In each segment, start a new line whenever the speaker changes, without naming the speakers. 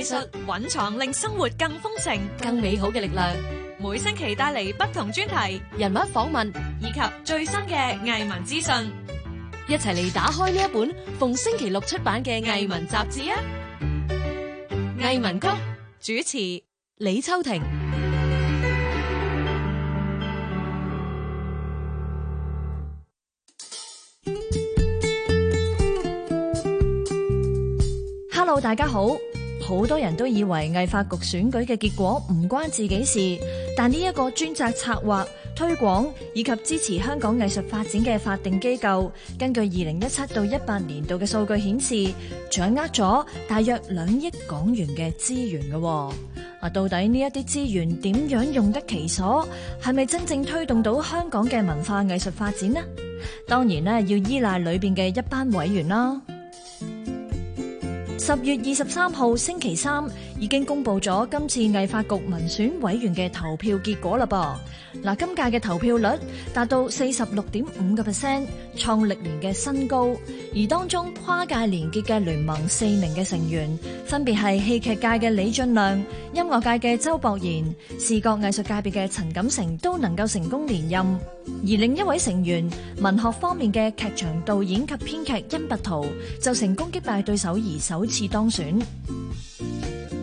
藝術蘊藏令生活更豐盛、更美好嘅力量，每星期帶嚟不同專題、
人物訪問
以及最新嘅藝文資訊，
一齊嚟打開呢一本逢星期六出版嘅藝文雜誌啊！藝文谷主持李秋婷
，Hello，大家好。好多人都以為藝發局選舉嘅結果唔關自己事，但呢一個專責策劃、推廣以及支持香港藝術發展嘅法定機構，根據二零一七到一八年度嘅數據顯示，掌握咗大約兩億港元嘅資源嘅。啊，到底呢一啲資源點樣用得其所？係咪真正推動到香港嘅文化藝術發展呢？當然咧，要依賴裏邊嘅一班委員啦。十月二十三號星期三。已經公布咗今次藝發局民選委員嘅投票結果啦，噃嗱，今屆嘅投票率達到四十六點五個 percent，創歷年嘅新高。而當中跨界連結嘅聯盟四名嘅成員，分別係戲劇界嘅李俊亮、音樂界嘅周博賢、視覺藝術界別嘅陳錦成，都能夠成功連任。而另一位成員文學方面嘅劇場導演及編劇甄拔濤，就成功擊敗對手而首次當選。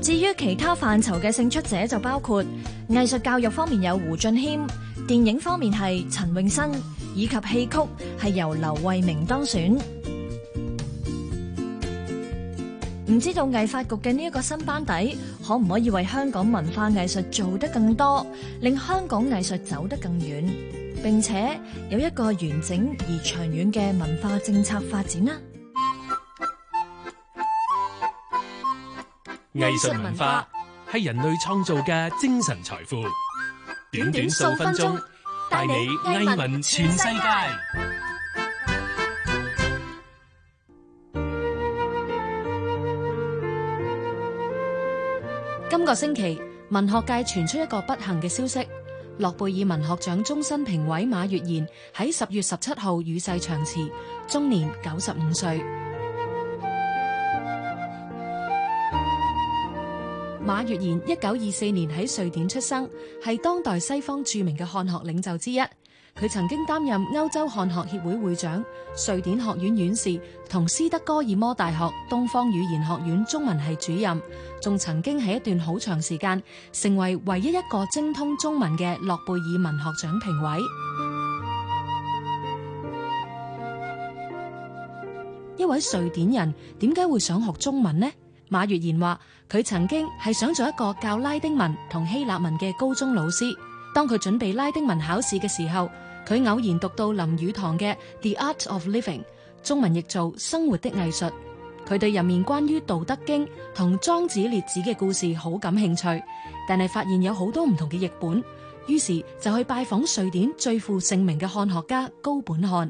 至於其他範疇嘅勝出者就包括藝術教育方面有胡俊謙，電影方面係陳泳生，以及戲曲係由劉慧明當選。唔知道藝發局嘅呢一個新班底可唔可以為香港文化藝術做得更多，令香港藝術走得更遠，並且有一個完整而長遠嘅文化政策發展呢？
藝術文化係人類創造嘅精神財富。短短數分鐘，帶你藝聞全世界。今個星期，文學界傳出一個不幸嘅消息：諾貝爾文學獎終身評委馬悅然喺十月十七號與世長辭，終年九十五歲。馬悅然一九二四年喺瑞典出生，係當代西方著名嘅漢學領袖之一。佢曾經擔任歐洲漢學協會會長、瑞典學院院士，同斯德哥爾摩大學東方語言學院中文系主任，仲曾經喺一段好長時間成為唯一一個精通中文嘅諾貝爾文學獎評委。一位瑞典人點解會想學中文呢？馬月言話：佢曾經係想做一個教拉丁文同希臘文嘅高中老師。當佢準備拉丁文考試嘅時候，佢偶然讀到林語堂嘅《The Art of Living》，中文譯做《生活的藝術》。佢對入面關於《道德經》同《莊子》《列子》嘅故事好感興趣，但係發現有好多唔同嘅譯本，於是就去拜訪瑞典最負盛名嘅漢學家高本漢。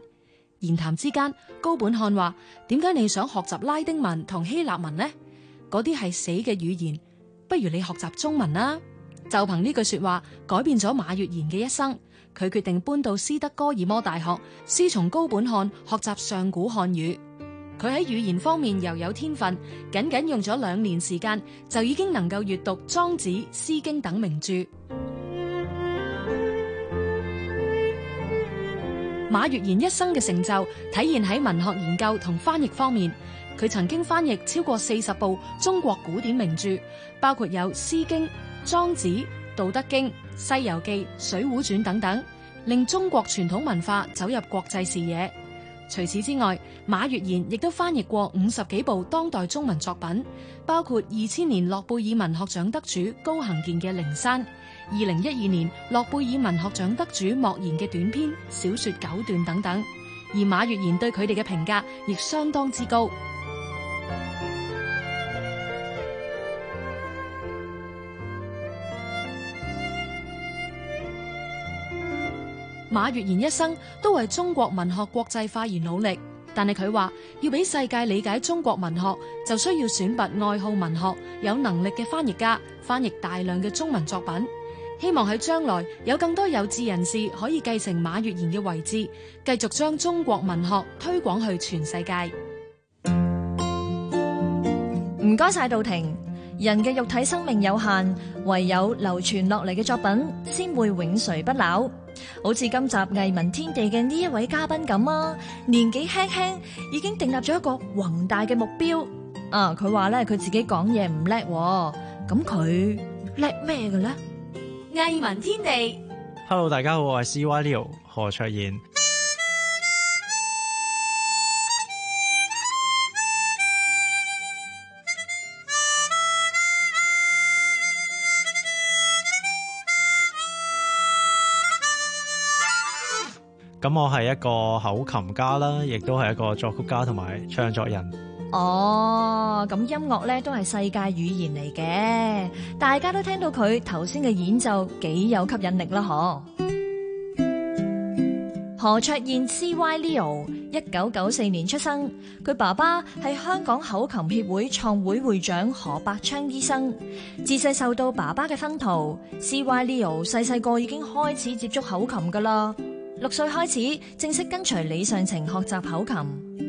言談之間，高本漢話：點解你想學習拉丁文同希臘文呢？嗰啲係死嘅語言，不如你學習中文啦！就憑呢句說話，改變咗馬月賢嘅一生。佢決定搬到斯德哥爾摩大學，師從高本漢學習上古漢語。佢喺語言方面又有天分，僅僅用咗兩年時間，就已經能夠閱讀《莊子》、《詩經》等名著。馬悅然一生嘅成就體現喺文學研究同翻譯方面，佢曾經翻譯超過四十部中國古典名著，包括有《詩經》、《莊子》、《道德經》、《西遊記》、《水滸傳》等等，令中國傳統文化走入國際視野。除此之外，馬悅然亦都翻譯過五十幾部當代中文作品，包括二千年諾貝爾文學獎得主高行健嘅《靈山》。二零一二年諾貝爾文學獎得主莫言嘅短篇小說九段等等，而馬悅然對佢哋嘅評價亦相當之高。馬悅然一生都為中國文學國際化而努力，但係佢話要俾世界理解中國文學，就需要選拔愛好文學、有能力嘅翻譯家，翻譯大量嘅中文作品。希望喺將來有更多有志人士可以繼承馬悅然嘅位置，繼續將中國文學推廣去全世界。唔該晒杜婷。人嘅肉體生
命有限，唯有流傳落嚟嘅作品先會永垂不朽。好似今集藝文天地嘅呢一位嘉賓咁啊，年紀輕輕已經訂立咗一個宏大嘅目標。啊，佢話咧，佢自己講嘢唔叻，咁佢
叻咩嘅咧？藝文天地
，Hello，大家好，我係 CY Leo 何卓彥。咁 我係一個口琴家啦，亦都係一個作曲家同埋
唱作人。哦，咁音樂咧都係世界語言嚟嘅，大家都聽到佢頭先嘅演奏幾有吸引力啦，嗬。 何卓彥 （CY Leo），一九九四年出生，佢爸爸係香港口琴協會創會會長何百昌醫生。自細受到爸爸嘅熏陶，CY Leo 細細個已經開始接觸口琴㗎喇。六歲開始正式跟隨李尚晴學習口琴。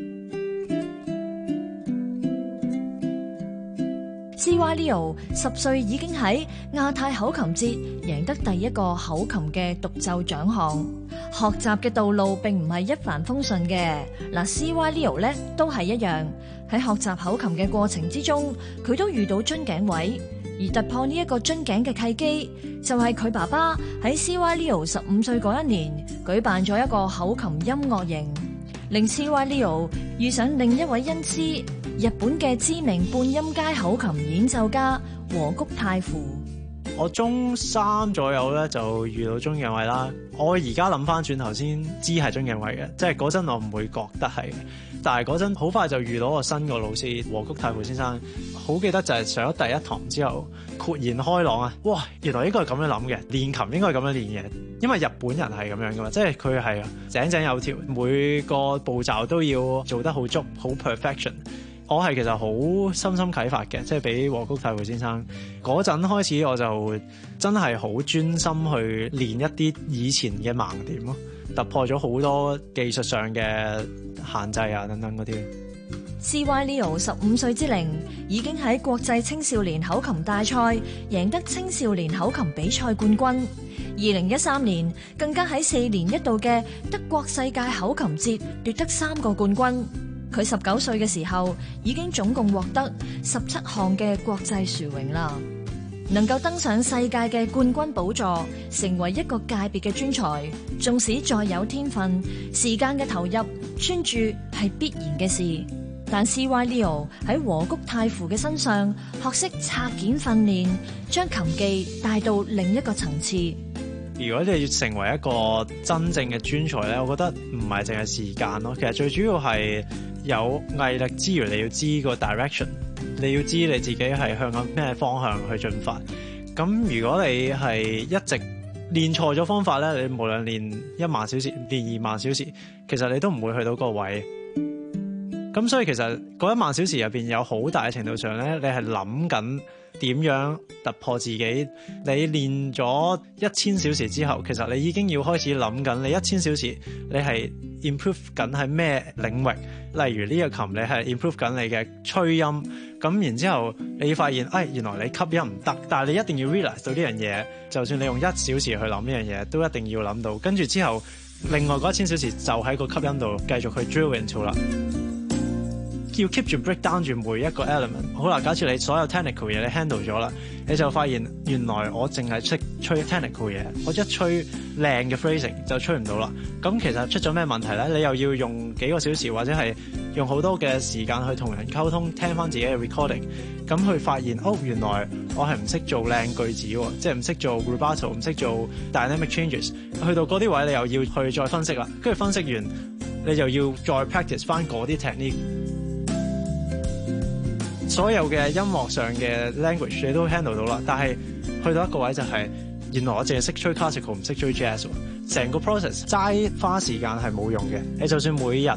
CY Leo 十歲已經喺亞太口琴節贏得第一個口琴嘅獨奏獎項。學習嘅道路並唔係一帆風順嘅，嗱 CY Leo 咧都係一樣。喺學習口琴嘅過程之中，佢都遇到樽頸位，而突破呢一個樽頸嘅契機，就係佢爸爸喺 CY Leo 十五歲嗰一年舉辦咗一個口琴音樂營，令 CY Leo 遇上另一位恩師。日本嘅知名半音階口琴演奏家和谷泰夫。
我中三左右咧就遇到樽頸位啦。我而家諗翻轉頭先知係樽頸位嘅，即係嗰陣我唔會覺得係，但係嗰陣好快就遇到個新嘅老師和谷泰夫先生。好記得就係上咗第一堂之後豁然開朗啊！哇，原來應該係咁樣諗嘅，練琴應該係咁樣練嘅，因為日本人係咁樣噶嘛，即係佢係井井有條，每個步驟都要做得好足，好 perfection。我係其實好深深啟發嘅，即係俾和谷泰扶先生嗰陣開始，我就真係好專心去練一啲以前嘅盲點咯，突破咗好多技術上嘅限制啊等等嗰啲。
CY Leo 十五歲之齡已經喺國際青少年口琴大賽贏得青少年口琴比賽冠軍，二零一三年更加喺四年一度嘅德國世界口琴節奪得三個冠軍。佢十九歲嘅時候已經總共獲得十七項嘅國際殊榮啦，能夠登上世界嘅冠軍寶座，成為一個界別嘅專才。縱使再有天分，時間嘅投入專注係必然嘅事。但 CY Leo 喺和谷泰夫嘅身上學識拆檢訓練，將琴技帶到另一個層次。
如果你要成為一個真正嘅專才咧，我覺得唔係淨係時間咯，其實最主要係。有毅力之餘，你要知個 direction，你要知你自己係向緊咩方向去進發。咁如果你係一直練錯咗方法咧，你無論練一萬小時、練二萬小時，其實你都唔會去到個位。咁所以其實嗰一萬小時入面，有好大程度上咧，你係諗緊。點樣突破自己？你練咗一千小時之後，其實你已經要開始諗緊，你一千小時你係 improve 緊係咩領域？例如呢個琴，你係 improve 緊你嘅吹音。咁然之後，你發現，哎，原來你吸音唔得，但係你一定要 realize 到呢樣嘢。就算你用一小時去諗呢樣嘢，都一定要諗到。跟住之後，另外嗰一千小時就喺個吸音度繼續去 drill into it 啦。要 keep 住 break down 住每一個 element，好啦。假設你所有 technical 嘢你 handle 咗啦，你就發現原來我淨係識吹 technical 嘢，我一吹靚嘅 phrasing 就吹唔到啦。咁其實出咗咩問題咧？你又要用幾個小時，或者係用好多嘅時間去同人溝通，聽翻自己嘅 recording，咁去發現哦，原來我係唔識做靚句子，即係唔識做 rubato，唔識做 dynamic changes。去到嗰啲位，你又要去再分析啦，跟住分析完你就要再 practice 翻嗰啲 technique。所有嘅音樂上嘅 language 你都 handle 到啦，但係去到一個位就係，是，原來我淨係識吹 classical，唔識吹 jazz。成個 process 齋花時間係冇用嘅。你就算每日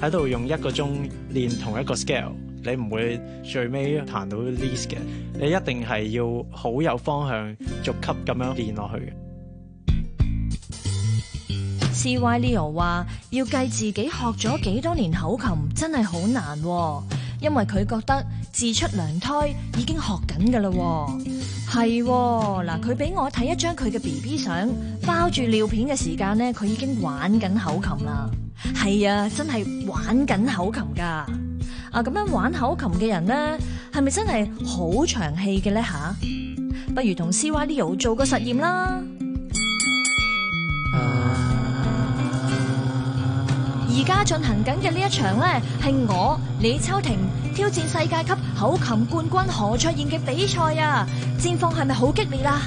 喺度用一個鐘練同一個 scale，你唔會最尾彈到 Liszt 嘅。你一定係要好有方向逐級咁樣練落去
嘅。CY Leo 話，要計自己學咗幾多年口琴，真係好難，啊。因為佢覺得自出娘胎已經學緊噶啦，係嗱，佢俾我睇一張佢嘅 B B 相，包住尿片嘅時間咧，佢已經玩緊口琴啦。係啊，真係玩緊口琴噶。啊，咁樣玩口琴嘅人咧，係咪真係好長氣嘅咧？吓，啊，不如同 C Y Leo 做個實驗啦。而家進行緊嘅呢一場咧，係我李秋婷挑戰世界級口琴冠軍何卓彥嘅比賽啊！戰況係咪好激烈啊？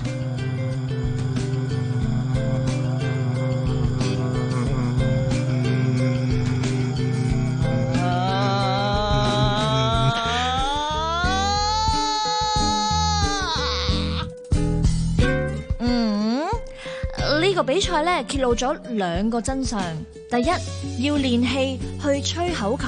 這個比賽呢，揭露咗兩個真相。第一，要練氣去吹口琴，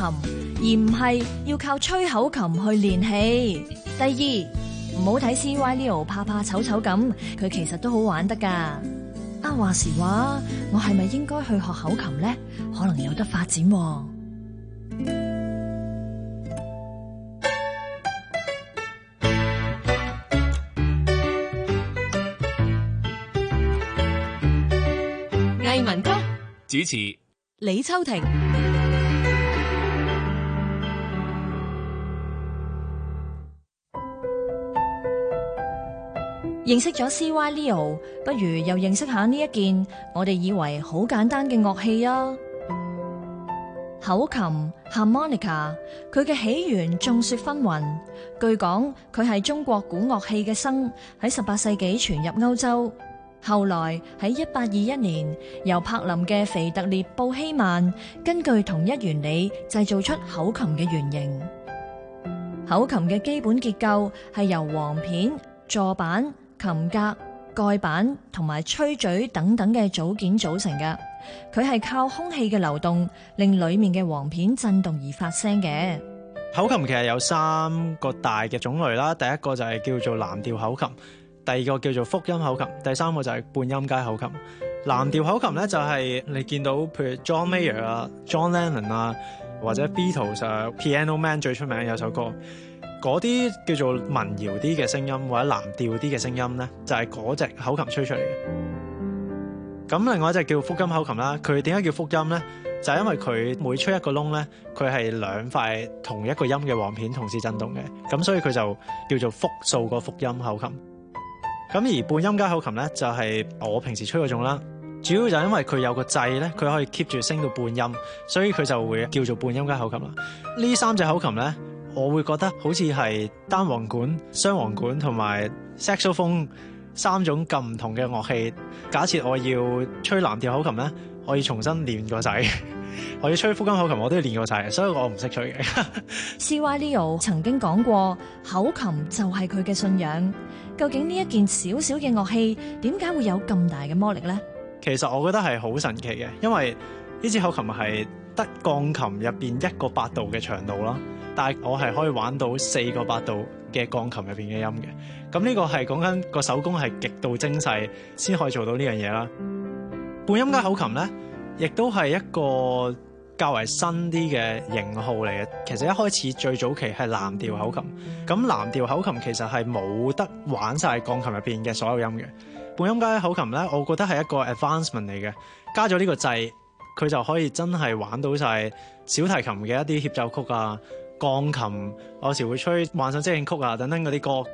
而唔係要靠吹口琴去練氣。第二，唔好睇 CY Leo 怕怕醜醜咁，佢其實都好玩得噶。啊，話時話，我係咪應該去學口琴呢？可能有得發展，啊。
主持李秋婷
認識咗 CY Leo，不如又認識下呢一件我哋以為好簡單嘅樂器啊！口琴 （harmonica），佢嘅起源眾說紛紜。據講，佢係中國古樂器嘅笙喺十八世紀傳入歐洲。後來喺1821年，由柏林嘅肥特列布希曼根據同一原理製造出口琴嘅原型。口琴嘅基本結構係由簧片、座板、琴格、蓋板同埋吹嘴等等嘅組件組成㗎。佢係靠空氣嘅流動令裏面嘅簧片震動而發聲嘅。
口琴其實有三個大嘅種類啦，第一個就係叫做藍調口琴。第二個叫做複音口琴，第三個就係半音階口琴。藍調口琴咧就係、是、你見到，譬如 John Mayer 啊、John Lennon 啊，或者 Beatles 啊、mm-hmm. Piano Man 最出名有首歌嗰啲叫做民謠啲嘅聲音，或者藍調啲嘅聲音咧，就係嗰隻口琴吹出嚟嘅。咁另外一隻叫複音口琴啦，佢點解叫複音咧？就係、是、因為佢每吹一個窿咧，佢係兩塊同一個音嘅簧片同時震動嘅，咁所以佢就叫做複數個複音口琴。咁而半音階口琴呢，就係我平時吹嗰種啦。主要就係因為佢有個掣呢，佢可以 keep 住升到半音，所以佢就會叫做半音階口琴啦。呢三隻口琴呢，我會覺得好似係單簧管、雙簧管同埋 saxophone 三種咁唔同嘅樂器。假設我要吹藍調口琴呢，我要重新練個掣。我要吹複音口琴，我都要練過晒，所以我唔識吹嘅 。
CY Leo 曾經講過，口琴就係佢嘅信仰。究竟呢一件小小嘅樂器，點解會有咁大嘅魔力呢？
其實我覺得係好神奇嘅，因為呢支口琴係得鋼琴入邊一個八度嘅長度啦，但係我係可以玩到四個八度嘅鋼琴入邊嘅音嘅。咁呢個係講緊個手工係極度精細，先可以做到呢樣嘢啦。半音階口琴呢，嗯亦都係一個較為新啲嘅型號嚟嘅。其實一開始最早期係藍調口琴，咁藍調口琴其實係冇得玩晒鋼琴入面嘅所有音嘅。半音階口琴呢，我覺得係一個 advancement 嚟嘅，加咗呢個掣，佢就可以真係玩到晒小提琴嘅一啲協奏曲啊，鋼琴，我有時候會吹幻想即興曲啊，等等嗰啲歌。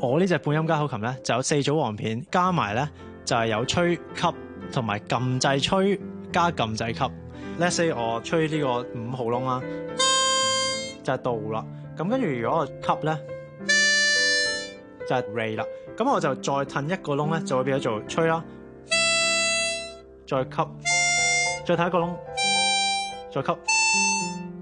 我呢隻半音加口琴咧，就有四組簧片，加埋咧就係、是、有吹吸同埋撳掣吹加撳掣吸。Let's say 我吹呢個五號窿啦，嗯、就係、是、do 啦。咁跟住如果我吸咧、嗯，就係 re 啦。咁我就再褪一個窿咧，就會變咗做吹啦。再吸，再褪一個窿，再吸，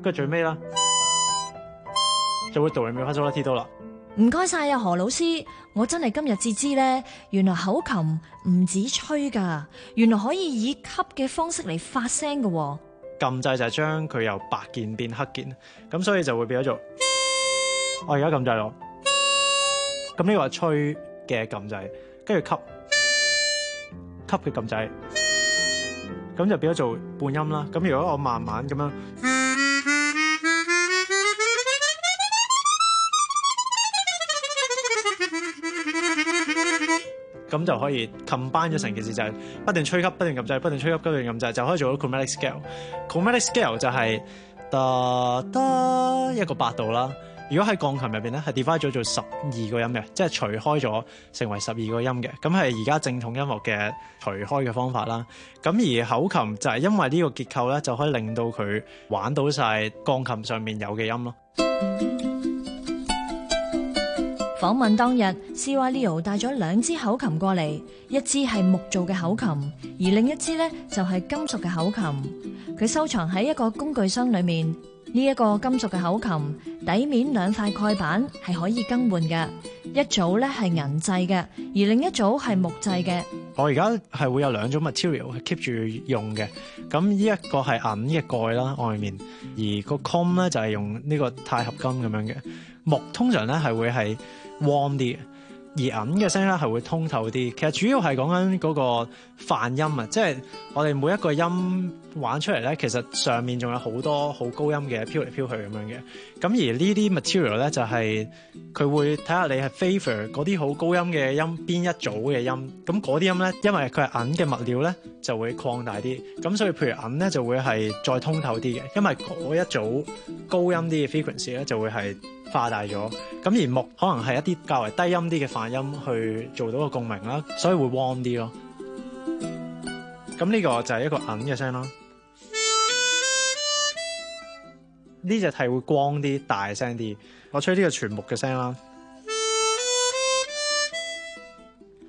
跟、嗯、住、嗯嗯、最尾啦、嗯，就會 do 又變翻咗啦，聽到啦。嗯
唔該晒啊，何老師，我真係今日至知咧，原來口琴唔止吹噶，原來可以以吸嘅方式嚟發聲噶喎。
撳掣就係將佢由白鍵變黑鍵，咁所以就會變咗做。我而家撳掣囉，咁呢個係吹嘅撳掣，跟住吸，吸佢撳掣，咁就變咗做半音啦。咁如果我慢慢咁樣。咁就可以 combine 咗成件事，就係、是、不斷吹吸、不斷撳掣，就係不斷吹吸、不斷撳掣，就係就可以做到 chromatic scale。chromatic scale 就係得得一個八度啦。如果喺鋼琴入邊咧，係 divide 咗做十二個音嘅，即係除開咗成為十二個音嘅。咁係而家正統音樂嘅除開嘅方法啦。咁而口琴就係因為呢個結構咧，就可以令到佢玩到晒鋼琴上面有嘅音咯。
訪問當日 CY Leo 帶咗兩支口琴過嚟，一支係木做嘅口琴，而另一支呢就係金屬嘅口琴。佢收藏喺一個工具箱裏面。呢、這、一個金屬嘅口琴底面兩塊蓋板係可以更換嘅，一組呢係銀製嘅，而另一組係木製嘅。
我而家係會有兩種 material 係 keep 住用嘅，咁呢一個係銀嘅蓋啦，外面的的，而個 comb 咧就係用呢個鈦合金咁樣嘅，木通常咧係會係暖啲嘅。而銀嘅聲咧係會通透啲，其實主要係講緊嗰個泛音啊，即係我哋每一個音玩出嚟咧，其實上面仲有好多好高音嘅飄嚟飄去咁樣嘅。咁而呢啲 material 咧就係佢會睇下你係 favor 嗰啲好高音嘅音邊一組嘅音，咁嗰啲音咧，因為佢係銀嘅物料咧就會擴大啲，咁所以譬如銀咧就會係再通透啲嘅，因為嗰一組高音啲嘅 frequency 咧就會係。化大咗，咁而木可能係一啲較為低音啲嘅泛音去做到個共鳴啦，所以會 warm 啲咯。咁呢個就係一個韌嘅聲咯。呢隻係會光啲、大聲啲。我吹呢個全木嘅聲啦，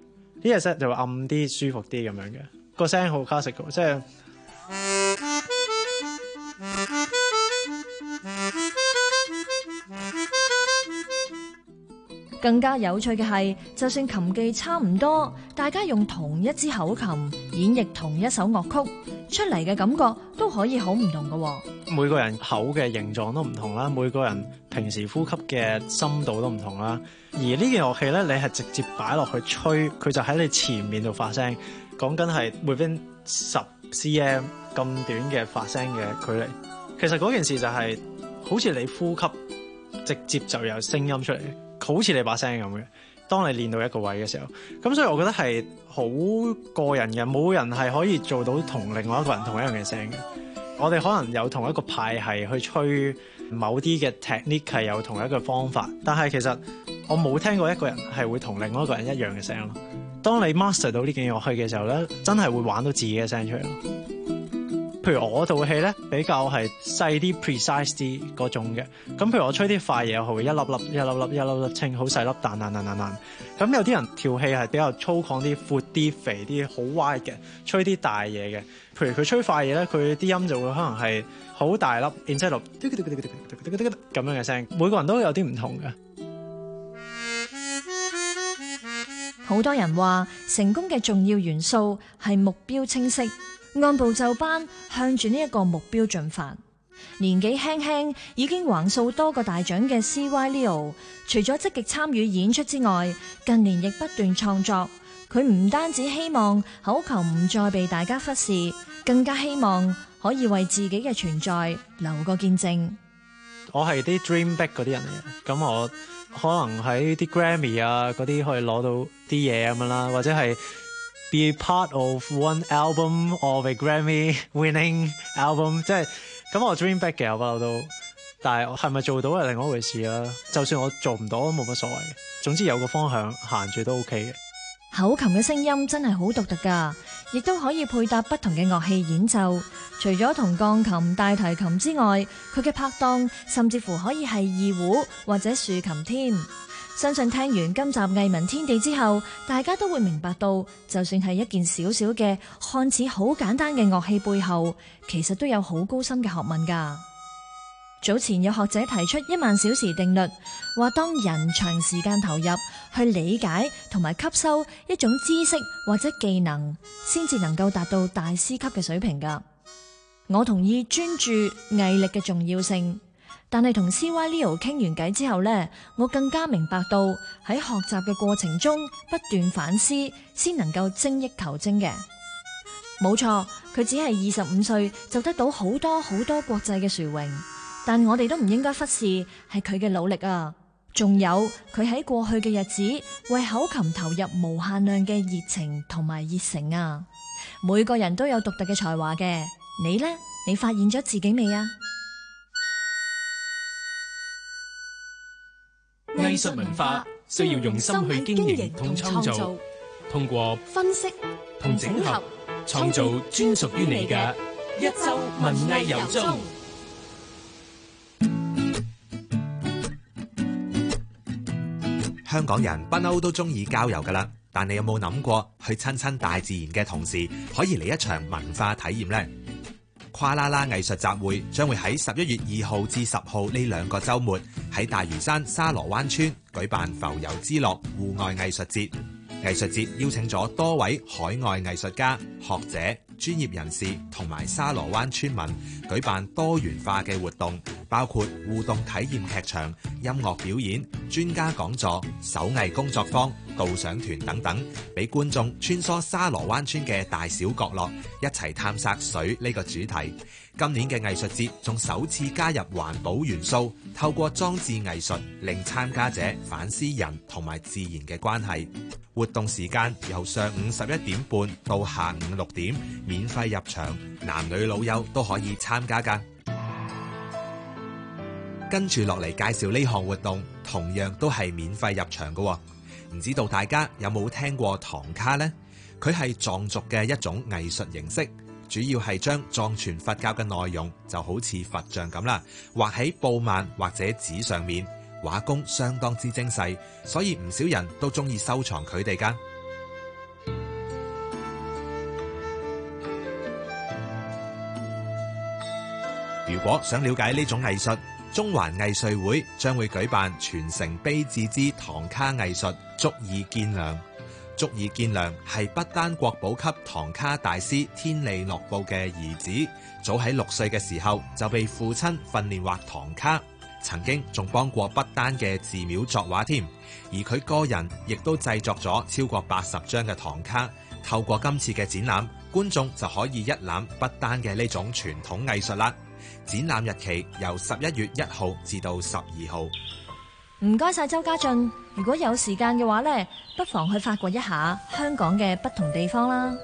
呢隻、 這個、聲就會暗啲、舒服啲咁樣嘅、個聲好 classical 即係。
更加有趣嘅係，就算琴技差唔多，大家用同一支口琴演繹同一首樂曲，出嚟嘅感覺都可以好唔同嘅，哦。
每個人口嘅形狀都唔同啦，每個人平時呼吸嘅深度都唔同啦。而呢件樂器咧，你係直接擺落去吹，佢就喺你前面度發聲。講緊係每邊十 cm 咁短嘅發聲嘅距離，其實嗰件事就係，是，好似你呼吸，直接就有聲音出嚟。好似你把聲咁嘅，當你練到一個位嘅時候，咁所以我覺得係好個人嘅，冇人係可以做到同另外一個人同一樣嘅聲嘅。我哋可能有同一個派系去吹某啲嘅 technique，係有同一個方法，但係其實我冇聽過一個人係會同另外一個人一樣嘅聲咯。當你 master 到呢件嘢落去嘅時候咧，真係會玩到自己嘅聲出嚟咯。譬如我套戲咧，比較係細啲、precise 啲嗰種嘅。咁譬如我吹啲快嘢，我會一粒粒、一粒粒、一粒粒清，好細粒彈，嗱嗱嗱嗱。咁有啲人條氣係比較粗獷啲、闊啲、肥啲、好 wide 嘅，吹啲大嘢嘅。譬如佢吹快嘢咧，佢啲音就會可能係好大粒、inside 粒、咁樣嘅聲。每個人都有啲唔同嘅。
好多人話成功嘅重要元素係目標清晰。按部就班向住呢一個目標進發，年紀輕輕已經橫掃多個大獎嘅 CY Leo，除咗積極參與演出之外，近年亦不斷創作。佢唔單止希望口琴唔再被大家忽視，更加希望可以為自己嘅存在留個見證。
我係啲 dream back 嗰啲人嚟嘅，咁我可能喺啲 Grammy 啊嗰啲可以攞到啲嘢咁樣啦，或者係。Be part of one album or of a Grammy-winning album，即係咁我 dream back 嘅，我不嬲都，但係係咪做到係另外一回事啦，啊。就算我做唔到都冇乜所謂，總之有個方向行住都 OK 嘅。
口琴嘅聲音真係好獨特㗎，亦都可以配搭不同嘅樂器演奏。除咗同鋼琴、大提琴之外，佢嘅拍檔甚至乎可以係二胡或者豎琴添。相信聽完今集《藝文天地》之後，大家都會明白到，就算係一件小小嘅，看似好簡單嘅樂器背後，其實都有好高深嘅學問噶。早前有學者提出一萬小時定律，話當人長時間投入去理解同埋吸收一種知識或者技能，先至能夠達到大師級嘅水平噶。我同意專注毅力嘅重要性。但係同 CY Leo 傾完偈之後咧我更加明白到喺學習嘅過程中不斷反思，先能夠精益求精嘅。冇錯，佢只係二十五歲就得到好多好多國際嘅殊榮，但我哋都唔應該忽視係佢嘅努力啊！仲有佢喺過去嘅日子為口琴投入無限量嘅熱情同埋熱誠啊！每個人都有獨特嘅才華嘅，你呢？你發現咗自己未啊？
藝術文化需要用心去
經營同創造，通過
分析同整合，創造
專屬於你嘅一
周文藝遊蹤。
香港人不嬲都中意郊遊噶啦，但你有冇諗過去親親大自然嘅同時，可以嚟一場文化體驗呢？跨啦啦藝術集會將會喺十一月二號至十號呢兩個周末喺大嶼山沙羅灣村舉辦浮游之樂戶外藝術節。藝術節邀請咗多位海外藝術家、學者、專業人士同埋沙羅灣村民舉辦多元化嘅活動。包括互動體驗劇場、音樂表演、專家講座、手藝工作坊、導賞團等等，俾觀眾穿梭沙螺灣村嘅大小角落，一齊探索水呢個主題。今年嘅藝術節仲首次加入環保元素，透過裝置藝術令參加者反思人同埋自然嘅關係。活動時間由上午十一點半到下午六點，免費入場，男女老幼都可以參加㗎。跟住落嚟介紹呢項活動，同樣都係免費入場喎。唔知道大家有冇聽過唐卡呢？佢係藏族嘅一種藝術形式，主要係將藏傳佛教嘅內容，就好似佛像咁啦，畫喺布幔或者紙上面，畫工相當之精細，所以唔少人都中意收藏佢哋噶。如果想了解呢種藝術，中環藝穗會將會舉辦全城悲智之唐卡藝術，足以見良。足以見良係不丹國寶級唐卡大師天利諾布嘅兒子，早喺六歲嘅時候就被父親訓練畫唐卡，曾經仲幫過不丹嘅寺廟作畫添。而佢個人亦都製作咗超過八十張嘅唐卡。透過今次嘅展覽，觀眾就可以一覽不丹嘅呢種傳統藝術啦。展覽日期由十一月一號至到十二號。
唔該晒周家俊，如果有時間嘅話呢，不妨去發掘一下香港嘅不同地方啦。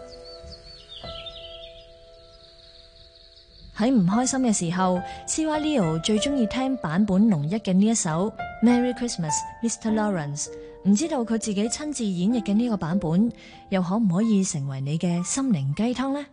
喺唔開心嘅時候，CY Leo 最中意聽坂本龍一嘅呢一首《Merry Christmas, Mr. Lawrence》。唔知道佢自己親自演繹嘅呢個版本，又可唔可以成為你嘅心靈雞湯呢？